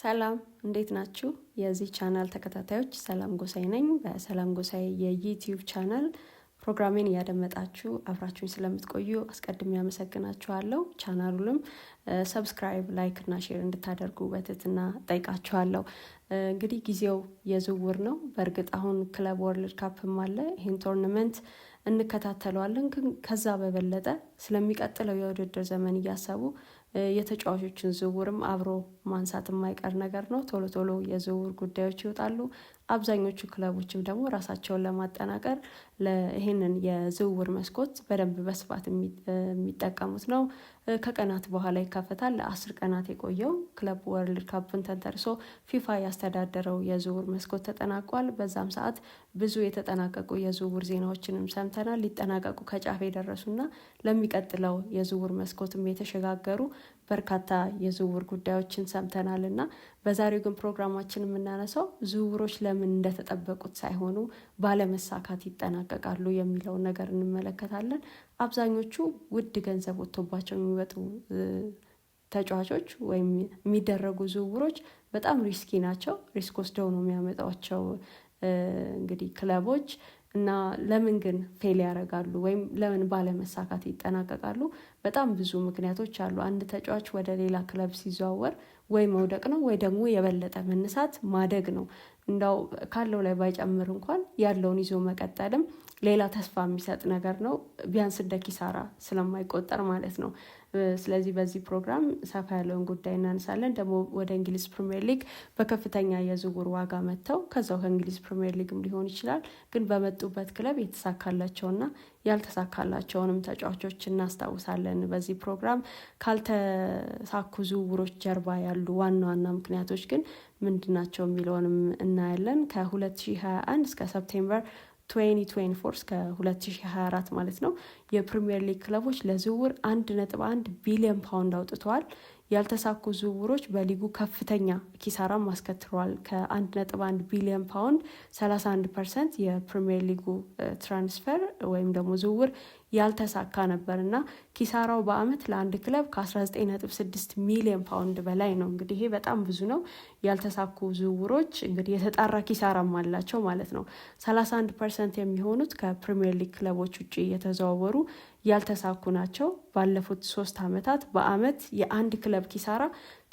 ሰላም እንዴት ናችሁ? የዚህ ቻናል ተከታታዮች ሰላም ጎሳይ ነኝ። በሰላም ጎሳይ የዩቲዩብ ቻናል ፕሮግራሜን እያደመጣችሁ አብራችሁኝ ስለምትቆዩ አስቀድሜ ያመሰግናችኋለሁ። ቻናሉንም ሰብስክራይብ፣ ላይክ እና ሼር እንድታደርጉ በትህትና ጠይቃችኋለሁ። እንግዲህ ጊዜው የዝውውር ነው። በእርግጥ አሁን ክለብ ወርልድ ካፕም አለ። ይህን ቶርናመንት እንከታተለዋለን። ከዛ በበለጠ ስለሚቀጥለው የውድድር ዘመን እያሰቡ የተጫዋቾችን ዝውውርም አብሮ ማንሳት የማይቀር ነገር ነው። ቶሎ ቶሎ የዝውውር ጉዳዮች ይወጣሉ። አብዛኞቹ ክለቦችም ደግሞ ራሳቸውን ለማጠናቀር ይህንን የዝውውር መስኮት በደንብ በስፋት የሚጠቀሙት ነው። ከቀናት በኋላ ይከፈታል። ለአስር ቀናት የቆየው ክለብ ወርልድ ካፕን ተንተርሶ ፊፋ ያስተዳደረው የዝውውር መስኮት ተጠናቋል። በዛም ሰዓት ብዙ የተጠናቀቁ የዝውውር ዜናዎችንም ሰምተናል። ሊጠናቀቁ ከጫፍ የደረሱና ለሚቀጥለው የዝውውር መስኮትም የተሸጋገሩ በርካታ የዝውውር ጉዳዮችን ሰምተናል እና በዛሬው ግን ፕሮግራማችን የምናነሳው ዝውውሮች ለምን እንደተጠበቁት ሳይሆኑ ባለመሳካት ይጠናቀቃሉ የሚለውን ነገር እንመለከታለን። አብዛኞቹ ውድ ገንዘብ ወጥቶባቸው የሚወጡ ተጫዋቾች ወይም የሚደረጉ ዝውውሮች በጣም ሪስኪ ናቸው። ሪስክ ወስደው ነው የሚያመጧቸው እንግዲህ ክለቦች እና ለምን ግን ፌል ያደርጋሉ ወይም ለምን ባለመሳካት ይጠናቀቃሉ? በጣም ብዙ ምክንያቶች አሉ። አንድ ተጫዋች ወደ ሌላ ክለብ ሲዘዋወር ወይ መውደቅ ነው ወይ ደግሞ የበለጠ መነሳት ማደግ ነው። እንዳው ካለው ላይ ባይጨምር እንኳን ያለውን ይዞ መቀጠልም ሌላ ተስፋ የሚሰጥ ነገር ነው፣ ቢያንስ እንደ ኪሳራ ስለማይቆጠር ማለት ነው። ስለዚህ በዚህ ፕሮግራም ሰፋ ያለውን ጉዳይ እናነሳለን። ደግሞ ወደ እንግሊዝ ፕሪምየር ሊግ በከፍተኛ የዝውውር ዋጋ መጥተው ከዛው ከእንግሊዝ ፕሪምየር ሊግም ሊሆን ይችላል ግን በመጡበት ክለብ የተሳካላቸውና ያልተሳካላቸውንም ተጫዋቾች እናስታውሳለን። በዚህ ፕሮግራም ካልተሳኩ ዝውውሮች ጀርባ ያሉ ዋና ዋና ምክንያቶች ግን ምንድናቸው የሚለውንም እናያለን። ከ2021 እስከ ሰፕቴምበር 2024 እስከ 2024 ማለት ነው። የፕሪሚየር ሊግ ክለቦች ለዝውውር 1.1 ቢሊዮን ፓውንድ አውጥተዋል። ያልተሳኩ ዝውውሮች በሊጉ ከፍተኛ ኪሳራም አስከትለዋል። ከ1.1 ቢሊዮን ፓውንድ 31 ፐርሰንት የፕሪሚየር ሊጉ ትራንስፈር ወይም ደግሞ ዝውውር ያልተሳካ ነበር እና ኪሳራው በአመት ለአንድ ክለብ ከ19.6 ሚሊዮን ፓውንድ በላይ ነው። እንግዲህ ይሄ በጣም ብዙ ነው። ያልተሳኩ ዝውውሮች እንግዲህ የተጣራ ኪሳራም አላቸው ማለት ነው። 31 ፐርሰንት የሚሆኑት ከፕሪምየር ሊግ ክለቦች ውጭ የተዘዋወሩ ያልተሳኩ ናቸው። ባለፉት ሶስት አመታት በአመት የአንድ ክለብ ኪሳራ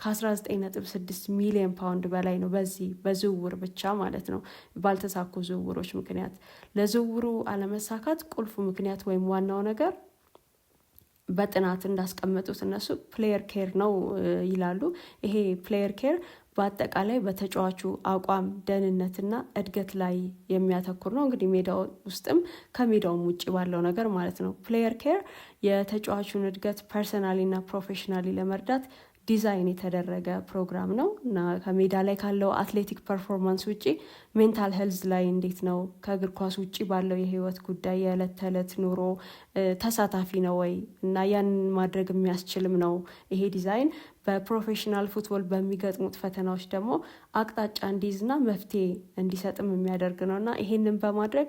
ከ19.6 ሚሊዮን ፓውንድ በላይ ነው። በዚህ በዝውውር ብቻ ማለት ነው፣ ባልተሳኩ ዝውውሮች ምክንያት። ለዝውውሩ አለመሳካት ቁልፉ ምክንያት ወይም ዋናው ነገር በጥናት እንዳስቀመጡት እነሱ ፕሌየር ኬር ነው ይላሉ። ይሄ ፕሌየር ኬር በአጠቃላይ በተጫዋቹ አቋም ደህንነትና እድገት ላይ የሚያተኩር ነው። እንግዲህ ሜዳ ውስጥም ከሜዳውም ውጭ ባለው ነገር ማለት ነው። ፕሌየር ኬር የተጫዋቹን እድገት ፐርሰናሊ እና ፕሮፌሽናሊ ለመርዳት ዲዛይን የተደረገ ፕሮግራም ነው እና ከሜዳ ላይ ካለው አትሌቲክ ፐርፎርማንስ ውጪ ሜንታል ሄልዝ ላይ እንዴት ነው? ከእግር ኳስ ውጭ ባለው የህይወት ጉዳይ የዕለት ተዕለት ኑሮ ተሳታፊ ነው ወይ እና ያንን ማድረግ የሚያስችልም ነው ይሄ ዲዛይን በፕሮፌሽናል ፉትቦል በሚገጥሙት ፈተናዎች ደግሞ አቅጣጫ እንዲይዝና መፍትሄ እንዲሰጥም የሚያደርግ ነው እና ይሄንን በማድረግ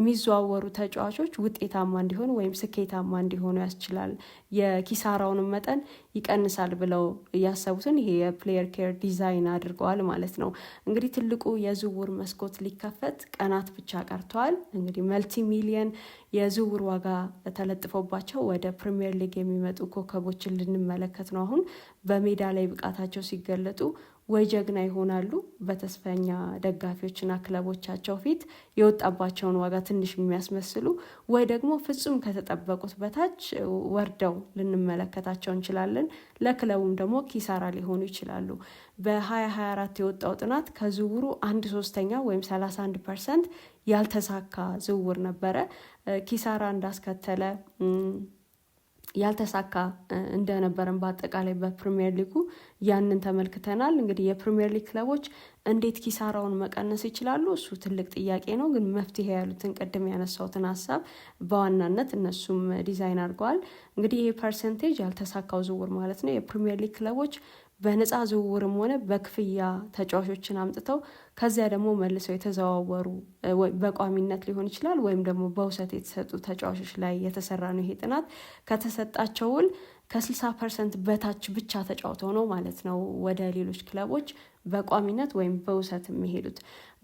የሚዘዋወሩ ተጫዋቾች ውጤታማ እንዲሆኑ ወይም ስኬታማ እንዲሆኑ ያስችላል፣ የኪሳራውንም መጠን ይቀንሳል ብለው ያሰቡትን ይሄ የፕሌየር ኬር ዲዛይን አድርገዋል ማለት ነው። እንግዲህ ትልቁ የዝውውር መስኮት ሊከፈት ቀናት ብቻ ቀርተዋል። እንግዲህ መልቲ ሚሊየን የዝውውር ዋጋ ተለጥፎባቸው ወደ ፕሪምየር ሊግ የሚመጡ ኮከቦችን ልንመለከት ነው። አሁን በሜዳ ላይ ብቃታቸው ሲገለጡ ወይ ጀግና ይሆናሉ በተስፈኛ ደጋፊዎችና ክለቦቻቸው ፊት የወጣባቸውን ዋጋ ትንሽ የሚያስመስሉ ወይ ደግሞ ፍጹም ከተጠበቁት በታች ወርደው ልንመለከታቸው እንችላለን። ለክለቡም ደግሞ ኪሳራ ሊሆኑ ይችላሉ። በ2024 የወጣው ጥናት ከዝውውሩ አንድ ሶስተኛ ወይም 31 ፐርሰንት ያልተሳካ ዝውውር ነበረ ኪሳራ እንዳስከተለ ያልተሳካ እንደነበረን በአጠቃላይ በፕሪሚየር ሊጉ ያንን ተመልክተናል። እንግዲህ የፕሪሚየር ሊግ ክለቦች እንዴት ኪሳራውን መቀነስ ይችላሉ? እሱ ትልቅ ጥያቄ ነው። ግን መፍትሄ ያሉትን ቅድም ያነሳውትን ሀሳብ በዋናነት እነሱም ዲዛይን አድርገዋል። እንግዲህ ይህ ፐርሰንቴጅ ያልተሳካው ዝውውር ማለት ነው የፕሪሚየር ሊግ ክለቦች በነፃ ዝውውርም ሆነ በክፍያ ተጫዋቾችን አምጥተው ከዚያ ደግሞ መልሰው የተዘዋወሩ በቋሚነት ሊሆን ይችላል ወይም ደግሞ በውሰት የተሰጡ ተጫዋቾች ላይ የተሰራ ነው ይሄ ጥናት ከተሰጣቸው ውል ከ60 ፐርሰንት በታች ብቻ ተጫውተው ነው ማለት ነው ወደ ሌሎች ክለቦች በቋሚነት ወይም በውሰት የሚሄዱት።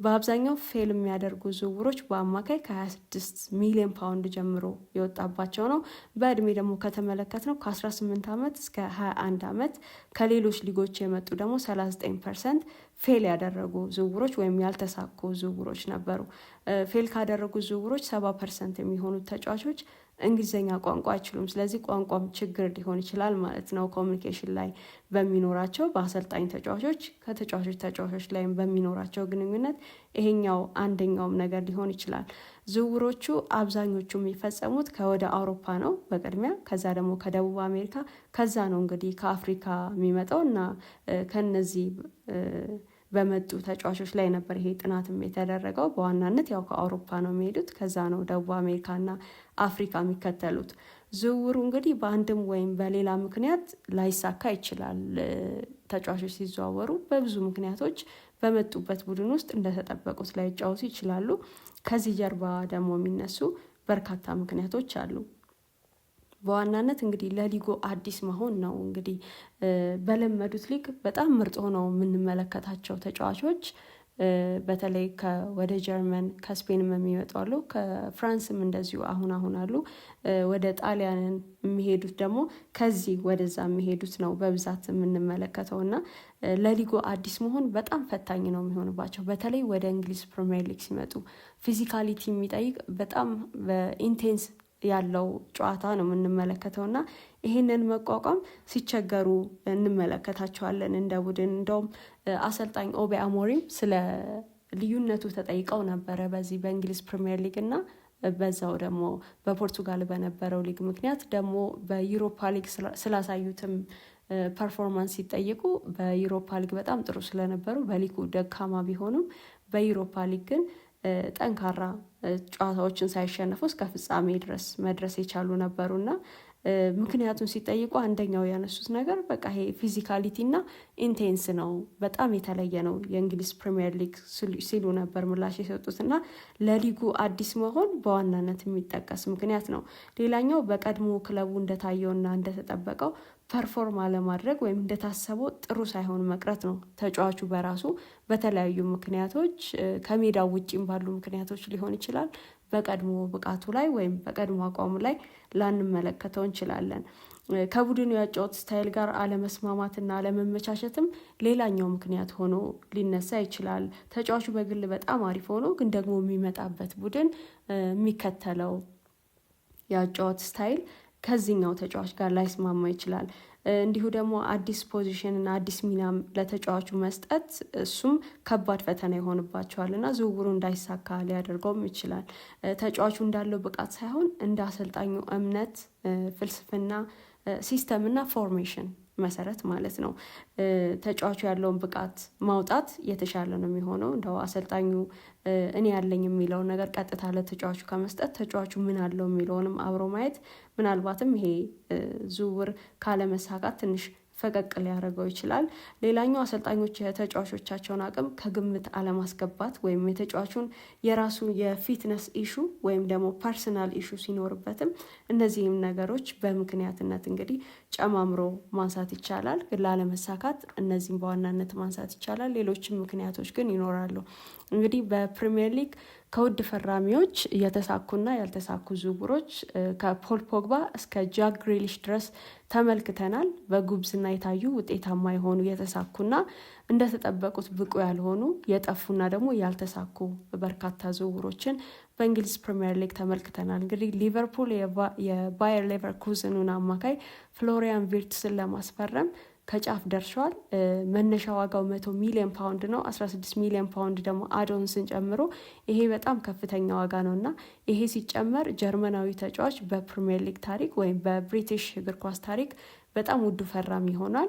በአብዛኛው ፌል የሚያደርጉ ዝውውሮች በአማካይ ከ26 ሚሊዮን ፓውንድ ጀምሮ የወጣባቸው ነው። በእድሜ ደግሞ ከተመለከት ነው ከ18 ዓመት እስከ 21 ዓመት ከሌሎች ሊጎች የመጡ ደግሞ 39 ፐርሰንት ፌል ያደረጉ ዝውውሮች ወይም ያልተሳኩ ዝውውሮች ነበሩ። ፌል ካደረጉ ዝውውሮች 70 ፐርሰንት የሚሆኑት ተጫዋቾች እንግሊዝኛ ቋንቋ አይችሉም። ስለዚህ ቋንቋም ችግር ሊሆን ይችላል ማለት ነው። ኮሚኒኬሽን ላይ በሚኖራቸው በአሰልጣኝ ተጫዋቾች ከተጫዋቾች ተጫዋቾች ላይም በሚኖራቸው ግንኙነት ይሄኛው አንደኛውም ነገር ሊሆን ይችላል። ዝውውሮቹ አብዛኞቹ የሚፈጸሙት ከወደ አውሮፓ ነው በቅድሚያ ከዛ ደግሞ ከደቡብ አሜሪካ ከዛ ነው እንግዲህ ከአፍሪካ የሚመጣው እና ከነዚህ በመጡ ተጫዋቾች ላይ ነበር ይሄ ጥናትም የተደረገው። በዋናነት ያው ከአውሮፓ ነው የሚሄዱት፣ ከዛ ነው ደቡብ አሜሪካና አፍሪካ የሚከተሉት። ዝውውሩ እንግዲህ በአንድም ወይም በሌላ ምክንያት ላይሳካ ይችላል። ተጫዋቾች ሲዘዋወሩ በብዙ ምክንያቶች በመጡበት ቡድን ውስጥ እንደተጠበቁት ላይጫወቱ ይችላሉ። ከዚህ ጀርባ ደግሞ የሚነሱ በርካታ ምክንያቶች አሉ። በዋናነት እንግዲህ ለሊጉ አዲስ መሆን ነው። እንግዲህ በለመዱት ሊግ በጣም ምርጥ ሆነው የምንመለከታቸው ተጫዋቾች በተለይ ወደ ጀርመን ከስፔንም የሚመጡ አሉ፣ ከፍራንስም እንደዚሁ አሁን አሁን አሉ። ወደ ጣሊያንን የሚሄዱት ደግሞ ከዚህ ወደዛ የሚሄዱት ነው በብዛት የምንመለከተው እና ለሊጎ አዲስ መሆን በጣም ፈታኝ ነው የሚሆንባቸው። በተለይ ወደ እንግሊዝ ፕሪሚየር ሊግ ሲመጡ ፊዚካሊቲ የሚጠይቅ በጣም በኢንቴንስ ያለው ጨዋታ ነው የምንመለከተው እና ይህንን መቋቋም ሲቸገሩ እንመለከታቸዋለን እንደ ቡድን። እንደውም አሰልጣኝ ኦቤ አሞሪም ስለ ልዩነቱ ተጠይቀው ነበረ በዚህ በእንግሊዝ ፕሪምየር ሊግ እና በዛው ደግሞ በፖርቱጋል በነበረው ሊግ ምክንያት ደግሞ በዩሮፓ ሊግ ስላሳዩትም ፐርፎርማንስ ሲጠየቁ በዩሮፓ ሊግ በጣም ጥሩ ስለነበሩ በሊጉ ደካማ ቢሆኑም በዩሮፓ ሊግ ግን ጠንካራ ጨዋታዎችን ሳይሸነፉ እስከ ፍጻሜ ድረስ መድረስ የቻሉ እና ምክንያቱም ሲጠይቁ አንደኛው ያነሱት ነገር በቃ ይሄ ፊዚካሊቲ እና ኢንቴንስ ነው፣ በጣም የተለየ ነው የእንግሊዝ ፕሪምየር ሊግ ሲሉ ነበር ምላሽ የሰጡት እና ለሊጉ አዲስ መሆን በዋናነት የሚጠቀስ ምክንያት ነው። ሌላኛው በቀድሞ ክለቡ እንደታየውና እንደተጠበቀው ፐርፎርም አለማድረግ ወይም እንደታሰበው ጥሩ ሳይሆን መቅረት ነው። ተጫዋቹ በራሱ በተለያዩ ምክንያቶች ከሜዳው ውጭም ባሉ ምክንያቶች ሊሆን ይችላል በቀድሞ ብቃቱ ላይ ወይም በቀድሞ አቋሙ ላይ ላንመለከተው እንችላለን። ከቡድኑ ያጫወት ስታይል ጋር አለመስማማትና አለመመቻቸትም ሌላኛው ምክንያት ሆኖ ሊነሳ ይችላል። ተጫዋቹ በግል በጣም አሪፍ ሆኖ ግን ደግሞ የሚመጣበት ቡድን የሚከተለው የአጫወት ስታይል ከዚህኛው ተጫዋች ጋር ላይስማማ ይችላል። እንዲሁ ደግሞ አዲስ ፖዚሽንና አዲስ ሚና ለተጫዋቹ መስጠት እሱም ከባድ ፈተና ይሆንባቸዋል እና ዝውውሩ እንዳይሳካ ሊያደርገውም ይችላል። ተጫዋቹ እንዳለው ብቃት ሳይሆን እንደ አሰልጣኙ እምነት፣ ፍልስፍና፣ ሲስተም እና ፎርሜሽን መሰረት ማለት ነው ተጫዋቹ ያለውን ብቃት ማውጣት የተሻለ ነው የሚሆነው። እንደው አሰልጣኙ እኔ ያለኝ የሚለውን ነገር ቀጥታ ለተጫዋቹ ከመስጠት ተጫዋቹ ምን አለው የሚለውንም አብሮ ማየት ምናልባትም ይሄ ዝውውር ካለመሳካት ትንሽ ፈቀቅ ሊያደርገው ይችላል። ሌላኛው አሰልጣኞች የተጫዋቾቻቸውን አቅም ከግምት አለማስገባት ወይም የተጫዋቹን የራሱ የፊትነስ ኢሹ ወይም ደግሞ ፐርሰናል ኢሹ ሲኖርበትም እነዚህም ነገሮች በምክንያትነት እንግዲህ ጨማምሮ ማንሳት ይቻላል። ላለመሳካት እነዚህም በዋናነት ማንሳት ይቻላል። ሌሎችም ምክንያቶች ግን ይኖራሉ። እንግዲህ በፕሪሚየር ሊግ ከውድ ፈራሚዎች የተሳኩና ያልተሳኩ ዝውውሮች ከፖል ፖግባ እስከ ጃክ ግሪሊሽ ድረስ ተመልክተናል። በጉብዝና የታዩ ውጤታማ የሆኑ የተሳኩና እንደተጠበቁት ብቁ ያልሆኑ የጠፉና ደግሞ ያልተሳኩ በርካታ ዝውውሮችን በእንግሊዝ ፕሪምየር ሊግ ተመልክተናል። እንግዲህ ሊቨርፑል የባየር ሌቨርኩዝኑን አማካይ ፍሎሪያን ቪርትስን ለማስፈረም ከጫፍ ደርሷል። መነሻ ዋጋው መቶ ሚሊዮን ፓውንድ ነው። 16 ሚሊዮን ፓውንድ ደግሞ አዶንስን ጨምሮ ይሄ በጣም ከፍተኛ ዋጋ ነው እና ይሄ ሲጨመር ጀርመናዊ ተጫዋች በፕሪሚየር ሊግ ታሪክ ወይም በብሪቲሽ እግር ኳስ ታሪክ በጣም ውዱ ፈራም ይሆናል።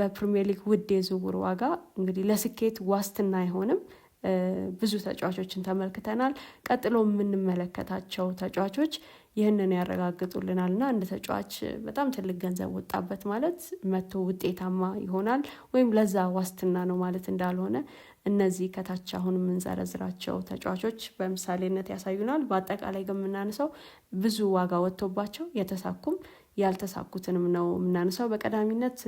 በፕሪሚየር ሊግ ውድ የዝውውር ዋጋ እንግዲህ ለስኬት ዋስትና አይሆንም። ብዙ ተጫዋቾችን ተመልክተናል። ቀጥሎ የምንመለከታቸው ተጫዋቾች ይህንን ያረጋግጡልናል እና እንደ ተጫዋች በጣም ትልቅ ገንዘብ ወጣበት ማለት መቶ ውጤታማ ይሆናል ወይም ለዛ ዋስትና ነው ማለት እንዳልሆነ እነዚህ ከታች አሁን የምንዘረዝራቸው ተጫዋቾች በምሳሌነት ያሳዩናል። በአጠቃላይ ግን የምናነሳው ብዙ ዋጋ ወጥቶባቸው የተሳኩም ያልተሳኩትንም ነው የምናነሳው። በቀዳሚነት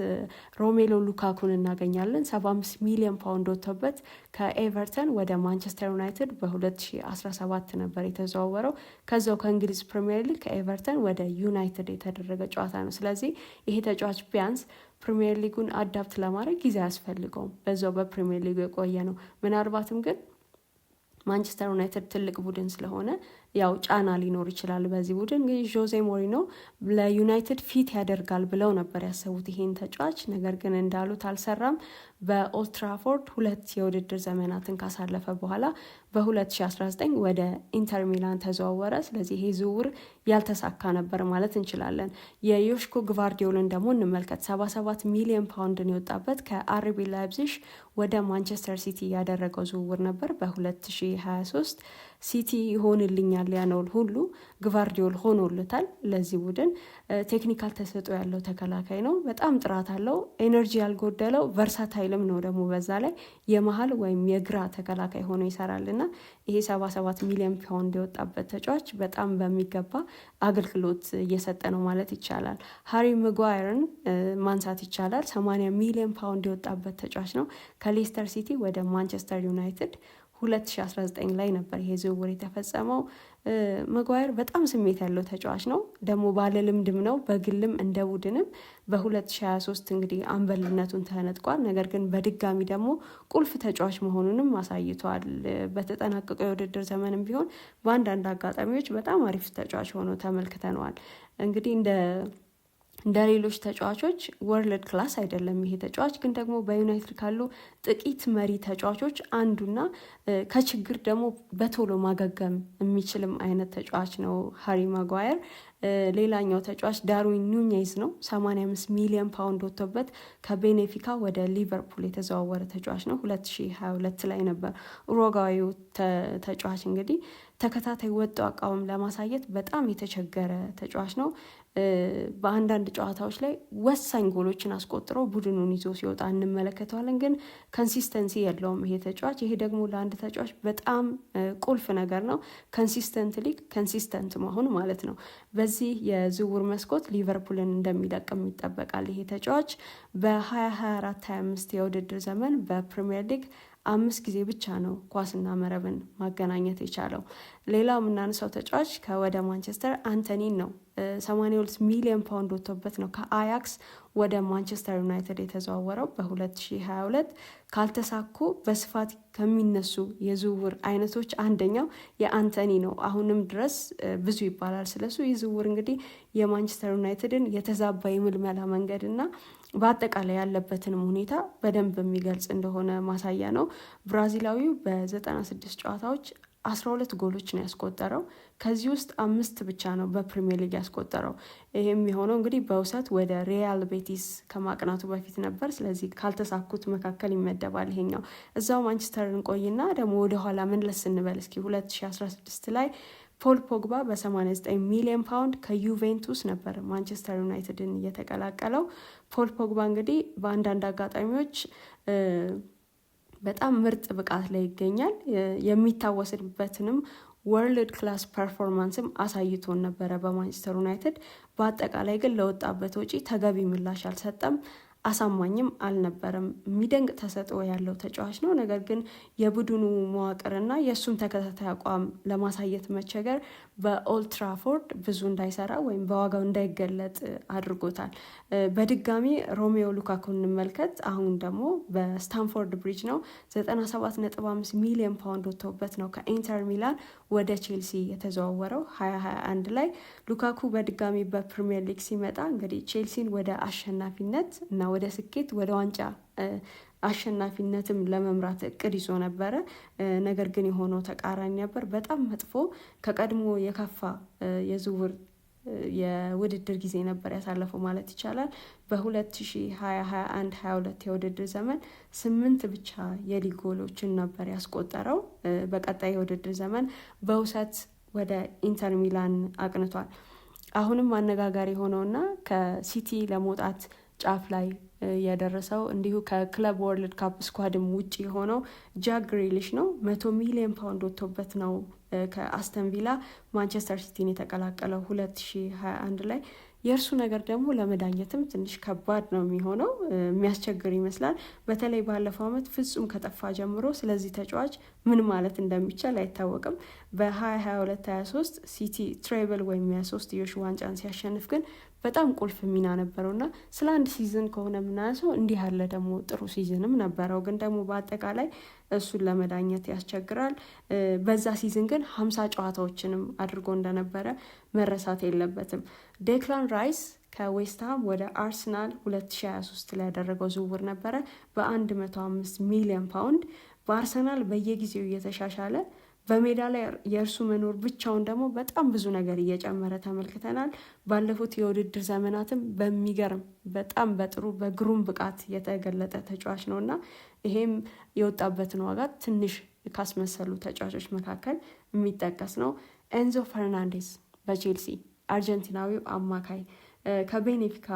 ሮሜሎ ሉካኩን እናገኛለን። ሰባ አምስት ሚሊዮን ፓውንድ ወጥቶበት ከኤቨርተን ወደ ማንቸስተር ዩናይትድ በ2017 ነበር የተዘዋወረው። ከዛው ከእንግሊዝ ፕሪምየር ሊግ ከኤቨርተን ወደ ዩናይትድ የተደረገ ጨዋታ ነው። ስለዚህ ይሄ ተጫዋች ቢያንስ ፕሪምየር ሊጉን አዳፕት ለማድረግ ጊዜ አያስፈልገውም። በዛው በፕሪምየር ሊጉ የቆየ ነው። ምናልባትም ግን ማንቸስተር ዩናይትድ ትልቅ ቡድን ስለሆነ ያው ጫና ሊኖር ይችላል በዚህ ቡድን። እንግዲህ ዦዜ ሞሪኖ ለዩናይትድ ፊት ያደርጋል ብለው ነበር ያሰቡት ይሄን ተጫዋች፣ ነገር ግን እንዳሉት አልሰራም። በኦልትራፎርድ ሁለት የውድድር ዘመናትን ካሳለፈ በኋላ በ2019 ወደ ኢንተር ሚላን ተዘዋወረ። ስለዚህ ይሄ ዝውውር ያልተሳካ ነበር ማለት እንችላለን። የዮሽኮ ግቫርዲዮልን ደግሞ እንመልከት። 77 ሚሊዮን ፓውንድን የወጣበት ከአርቢ ላይፕዚሽ ወደ ማንቸስተር ሲቲ ያደረገው ዝውውር ነበር። በ2023 ሲቲ ይሆንልኛል ያነውል ሁሉ ግቫርዲዮል ሆኖለታል። ለዚህ ቡድን ቴክኒካል ተሰጦ ያለው ተከላካይ ነው። በጣም ጥራት አለው። ኤነርጂ ያልጎደለው ቨርሳታይልም ነው። ደግሞ በዛ ላይ የመሀል ወይም የግራ ተከላካይ ሆኖ ይሰራል እና ይሄ 77 ሚሊዮን ፓውንድ የወጣበት ተጫዋች በጣም በሚገባ አገልግሎት እየሰጠ ነው ማለት ይቻላል። ሃሪ መጓየርን ማንሳት ይቻላል። 80 ሚሊዮን ፓውንድ የወጣበት ተጫዋች ነው። ከሌስተር ሲቲ ወደ ማንቸስተር ዩናይትድ 2019 ላይ ነበር ይሄ ዝውውር የተፈጸመው። መጓየር በጣም ስሜት ያለው ተጫዋች ነው። ደግሞ ባለ ልምድም ነው። በግልም እንደ ቡድንም በ2023 እንግዲህ አምበልነቱን ተነጥቋል። ነገር ግን በድጋሚ ደግሞ ቁልፍ ተጫዋች መሆኑንም አሳይቷል። በተጠናቀቀው የውድድር ዘመንም ቢሆን በአንዳንድ አጋጣሚዎች በጣም አሪፍ ተጫዋች ሆኖ ተመልክተነዋል። እንግዲህ እንደ እንደ ሌሎች ተጫዋቾች ወርልድ ክላስ አይደለም። ይሄ ተጫዋች ግን ደግሞ በዩናይትድ ካሉ ጥቂት መሪ ተጫዋቾች አንዱና ከችግር ደግሞ በቶሎ ማገገም የሚችልም አይነት ተጫዋች ነው ሃሪ ማጓየር። ሌላኛው ተጫዋች ዳርዊን ኑኔዝ ነው። 85 ሚሊዮን ፓውንድ ወጥቶበት ከቤኔፊካ ወደ ሊቨርፑል የተዘዋወረ ተጫዋች ነው። 2022 ላይ ነበር ሮጋዊ ተጫዋች እንግዲህ ተከታታይ ወጥ አቋም ለማሳየት በጣም የተቸገረ ተጫዋች ነው። በአንዳንድ ጨዋታዎች ላይ ወሳኝ ጎሎችን አስቆጥሮ ቡድኑን ይዞ ሲወጣ እንመለከተዋለን። ግን ከንሲስተንሲ የለውም ይሄ ተጫዋች። ይሄ ደግሞ ለአንድ ተጫዋች በጣም ቁልፍ ነገር ነው። ከንሲስተንት ሊግ ከንሲስተንት መሆን ማለት ነው። በዚህ የዝውውር መስኮት ሊቨርፑልን እንደሚለቅም ይጠበቃል። ይሄ ተጫዋች በ2024/25 የውድድር ዘመን በፕሪሚየር ሊግ አምስት ጊዜ ብቻ ነው ኳስና መረብን ማገናኘት የቻለው። ሌላው የምናነሳው ተጫዋች ከወደ ማንቸስተር አንቶኒን ነው። 82 ሚሊዮን ፓውንድ ወጥቶበት ነው ከአያክስ ወደ ማንቸስተር ዩናይትድ የተዘዋወረው በ2022። ካልተሳኩ በስፋት ከሚነሱ የዝውውር አይነቶች አንደኛው የአንቶኒ ነው። አሁንም ድረስ ብዙ ይባላል ስለሱ። ይህ ዝውውር እንግዲህ የማንቸስተር ዩናይትድን የተዛባ የምልመላ መንገድና በአጠቃላይ ያለበትንም ሁኔታ በደንብ የሚገልጽ እንደሆነ ማሳያ ነው። ብራዚላዊው በ96 ጨዋታዎች 12 ጎሎች ነው ያስቆጠረው። ከዚህ ውስጥ አምስት ብቻ ነው በፕሪሚየር ሊግ ያስቆጠረው። ይህም የሆነው እንግዲህ በውሰት ወደ ሪያል ቤቲስ ከማቅናቱ በፊት ነበር። ስለዚህ ካልተሳኩት መካከል ይመደባል ይሄኛው። እዛው ማንቸስተርን ቆይና ደግሞ ወደኋላ መለስ ስንበል እስኪ 2016 ላይ ፖል ፖግባ በ89 ሚሊዮን ፓውንድ ከዩቬንቱስ ነበር ማንቸስተር ዩናይትድን እየተቀላቀለው። ፖል ፖግባ እንግዲህ በአንዳንድ አጋጣሚዎች በጣም ምርጥ ብቃት ላይ ይገኛል። የሚታወስበትንም ወርልድ ክላስ ፐርፎርማንስም አሳይቶን ነበረ በማንቸስተር ዩናይትድ። በአጠቃላይ ግን ለወጣበት ወጪ ተገቢ ምላሽ አልሰጠም። አሳማኝም አልነበረም። የሚደንቅ ተሰጥኦ ያለው ተጫዋች ነው። ነገር ግን የቡድኑ መዋቅርና የእሱም ተከታታይ አቋም ለማሳየት መቸገር በኦልትራፎርድ ብዙ እንዳይሰራ ወይም በዋጋው እንዳይገለጥ አድርጎታል። በድጋሚ ሮሜዮ ሉካኩ እንመልከት። አሁን ደግሞ በስታንፎርድ ብሪጅ ነው 97.5 ሚሊዮን ፓውንድ ወጥተውበት ነው ከኢንተር ሚላን ወደ ቼልሲ የተዘዋወረው 2021 ላይ ሉካኩ በድጋሚ በፕሪሚየር ሊግ ሲመጣ እንግዲህ ቼልሲን ወደ አሸናፊነት እና ወደ ስኬት ወደ ዋንጫ አሸናፊነትም ለመምራት እቅድ ይዞ ነበረ። ነገር ግን የሆነው ተቃራኒ ነበር። በጣም መጥፎ ከቀድሞ የከፋ የዝውውር የውድድር ጊዜ ነበር ያሳለፈው ማለት ይቻላል። በ2021 22 የውድድር ዘመን ስምንት ብቻ የሊግ ጎሎችን ነበር ያስቆጠረው። በቀጣይ የውድድር ዘመን በውሰት ወደ ኢንተር ሚላን አቅንቷል። አሁንም አነጋጋሪ የሆነውና ከሲቲ ለመውጣት ጫፍ ላይ ያደረሰው እንዲሁ ከክለብ ወርልድ ካፕ ስኳድም ውጭ የሆነው ጃክ ግሪሊሽ ነው። መቶ ሚሊዮን ፓውንድ ወጥቶበት ነው ከአስተን ቪላ ማንቸስተር ሲቲን የተቀላቀለው 2021 ላይ። የእርሱ ነገር ደግሞ ለመዳኘትም ትንሽ ከባድ ነው የሚሆነው፣ የሚያስቸግር ይመስላል። በተለይ ባለፈው ዓመት ፍጹም ከጠፋ ጀምሮ ስለዚህ ተጫዋች ምን ማለት እንደሚቻል አይታወቅም። በ2022/23 ሲቲ ትሬብል ወይም የሶስትዮሽ ዋንጫን ሲያሸንፍ ግን በጣም ቁልፍ ሚና ነበረው እና ስለ አንድ ሲዝን ከሆነ ምናያሰው እንዲህ ያለ ደግሞ ጥሩ ሲዝንም ነበረው፣ ግን ደግሞ በአጠቃላይ እሱን ለመዳኘት ያስቸግራል። በዛ ሲዝን ግን ሀምሳ ጨዋታዎችንም አድርጎ እንደነበረ መረሳት የለበትም። ዴክላን ራይስ ከዌስትሃም ወደ አርሰናል 2023 ላይ ያደረገው ዝውውር ነበረ በ105 ሚሊዮን ፓውንድ በአርሰናል በየጊዜው እየተሻሻለ በሜዳ ላይ የእርሱ መኖር ብቻውን ደግሞ በጣም ብዙ ነገር እየጨመረ ተመልክተናል። ባለፉት የውድድር ዘመናትም በሚገርም በጣም በጥሩ በግሩም ብቃት የተገለጠ ተጫዋች ነው እና ይሄም የወጣበትን ዋጋ ትንሽ ካስመሰሉ ተጫዋቾች መካከል የሚጠቀስ ነው። ኤንዞ ፈርናንዴስ በቼልሲ አርጀንቲናዊው አማካይ ከቤኔፊካ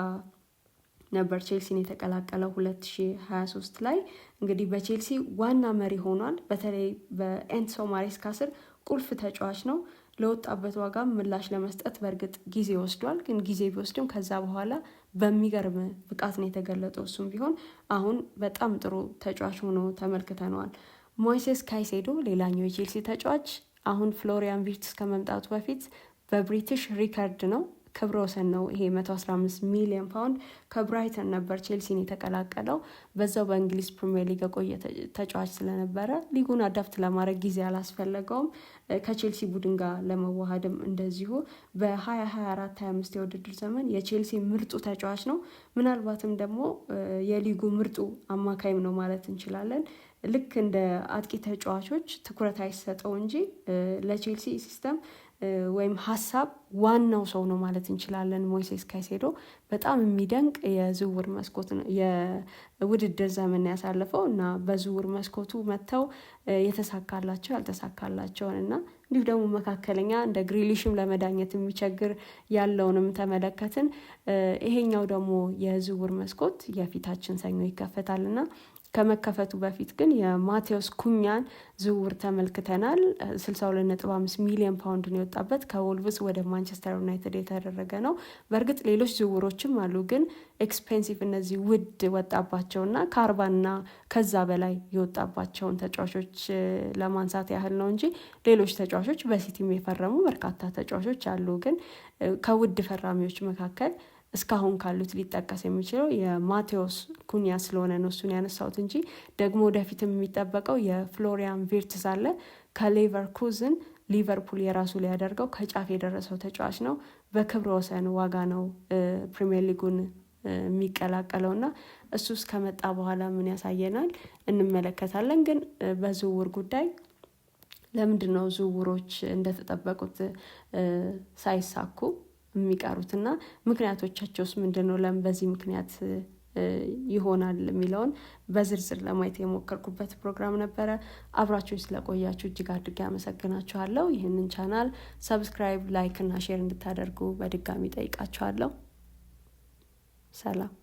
ነበር ቼልሲን የተቀላቀለው 2023 ላይ እንግዲህ በቼልሲ ዋና መሪ ሆኗል። በተለይ በኤንሶ ማሬስካ ስር ቁልፍ ተጫዋች ነው። ለወጣበት ዋጋ ምላሽ ለመስጠት በእርግጥ ጊዜ ወስዷል። ግን ጊዜ ቢወስድም ከዛ በኋላ በሚገርም ብቃት ነው የተገለጠው። እሱም ቢሆን አሁን በጣም ጥሩ ተጫዋች ሆኖ ተመልክተነዋል። ሞይሴስ ካይሴዶ ሌላኛው የቼልሲ ተጫዋች አሁን ፍሎሪያን ቪርትስ ከመምጣቱ በፊት በብሪቲሽ ሪከርድ ነው ክብረ ወሰን ነው። ይሄ 115 ሚሊዮን ፓውንድ ከብራይተን ነበር ቼልሲን የተቀላቀለው። በዛው በእንግሊዝ ፕሪሚየር ሊግ የቆየ ተጫዋች ስለነበረ ሊጉን አዳፕት ለማድረግ ጊዜ አላስፈለገውም። ከቼልሲ ቡድን ጋር ለመዋሃድም እንደዚሁ በ2024/25 የውድድር ዘመን የቼልሲ ምርጡ ተጫዋች ነው። ምናልባትም ደግሞ የሊጉ ምርጡ አማካይም ነው ማለት እንችላለን። ልክ እንደ አጥቂ ተጫዋቾች ትኩረት አይሰጠው እንጂ ለቼልሲ ሲስተም ወይም ሀሳብ ዋናው ሰው ነው ማለት እንችላለን። ሞይሴስ ካይሴዶ በጣም የሚደንቅ የዝውውር መስኮት የውድድር ዘመን ያሳለፈው እና በዝውውር መስኮቱ መጥተው የተሳካላቸው ያልተሳካላቸውን እና እንዲሁ ደግሞ መካከለኛ እንደ ግሪሊሽም ለመዳኘት የሚቸግር ያለውንም ተመለከትን። ይሄኛው ደግሞ የዝውውር መስኮት የፊታችን ሰኞ ይከፈታልና ከመከፈቱ በፊት ግን የማቴዎስ ኩኛን ዝውውር ተመልክተናል። 62.5 ሚሊዮን ፓውንድ ነው የወጣበት ከወልቭስ ወደ ማንቸስተር ዩናይትድ የተደረገ ነው። በእርግጥ ሌሎች ዝውውሮችም አሉ፣ ግን ኤክስፔንሲቭ እነዚህ ውድ ወጣባቸውና ከአርባና ከዛ በላይ የወጣባቸውን ተጫዋቾች ለማንሳት ያህል ነው እንጂ ሌሎች ተጫዋቾች በሲቲም የፈረሙ በርካታ ተጫዋቾች አሉ፣ ግን ከውድ ፈራሚዎች መካከል እስካሁን ካሉት ሊጠቀስ የሚችለው የማቴዎስ ኩኒያ ስለሆነ ነው እሱን ያነሳሁት እንጂ ደግሞ ወደፊትም የሚጠበቀው የፍሎሪያን ቪርትስ አለ ከሌቨርኩዝን ሊቨርፑል የራሱ ሊያደርገው ከጫፍ የደረሰው ተጫዋች ነው። በክብረ ወሰን ዋጋ ነው ፕሪምየር ሊጉን የሚቀላቀለው እና እሱ እስከመጣ በኋላ ምን ያሳየናል እንመለከታለን። ግን በዝውውር ጉዳይ ለምንድን ነው ዝውውሮች እንደተጠበቁት ሳይሳኩ የሚቀሩት እና ምክንያቶቻቸውስ ምንድን ነው? ለምን በዚህ ምክንያት ይሆናል የሚለውን በዝርዝር ለማየት የሞከርኩበት ፕሮግራም ነበረ። አብራችሁኝ ስለቆያችሁ እጅግ አድርጌ አመሰግናችኋለሁ። ይህንን ቻናል ሰብስክራይብ፣ ላይክ እና ሼር እንድታደርጉ በድጋሚ ጠይቃችኋለሁ። ሰላም